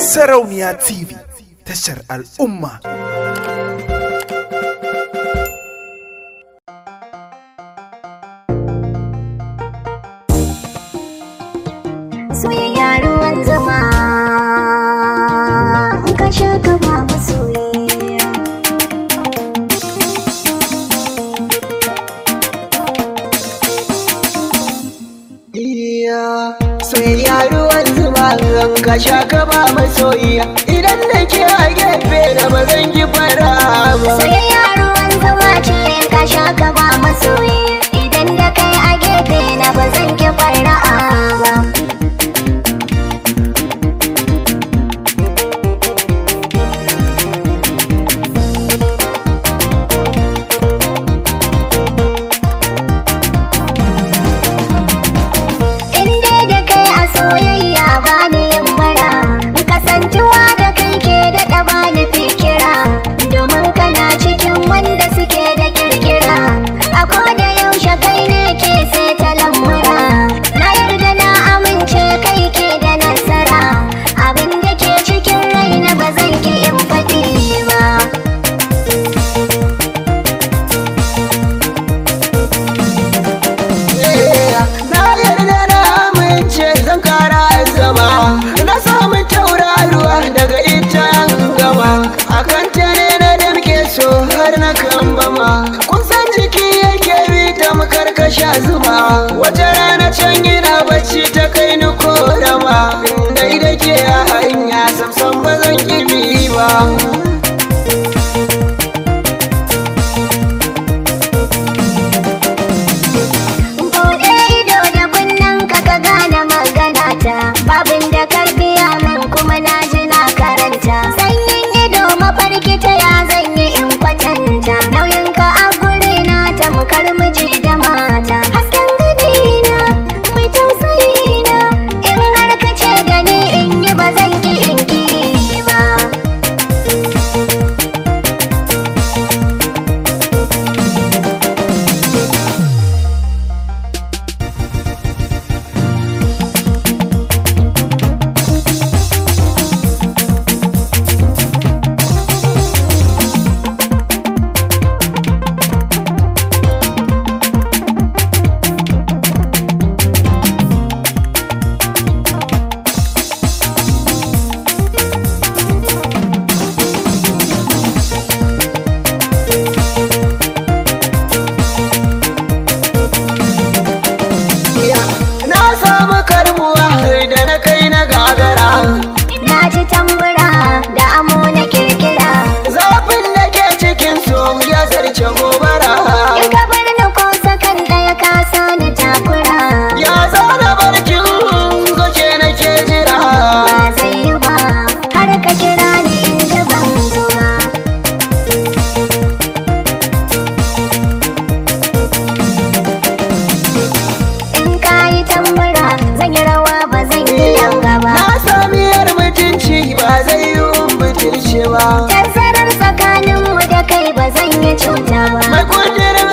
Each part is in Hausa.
Sarauniya TV tashar al'umma. Soyayya yaruwan zama, ka sha kama masoyi. soyayya ruwan ka sha ka ba masoyiya idan na ke a gefe da ba zan ki fara ba. ya ruwan zama ce ka sha ka ba masoyiya. mu karkasha zuba wata rana can yana bacci ta kai ni korama dai ke a hanya samsan ji ba tsakanin mu da kai ba zan yi cuta ba mai kudirin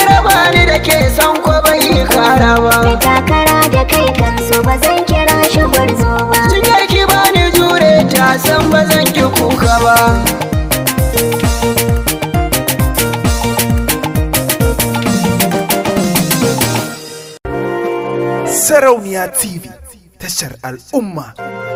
ni da ke son ko bai yi kara ba da takara da kai kansu ba zan kira shi gwarzo ba ki ba ni jure ta san ba zan ki kuka ba Sarauniya TV tashar al'umma.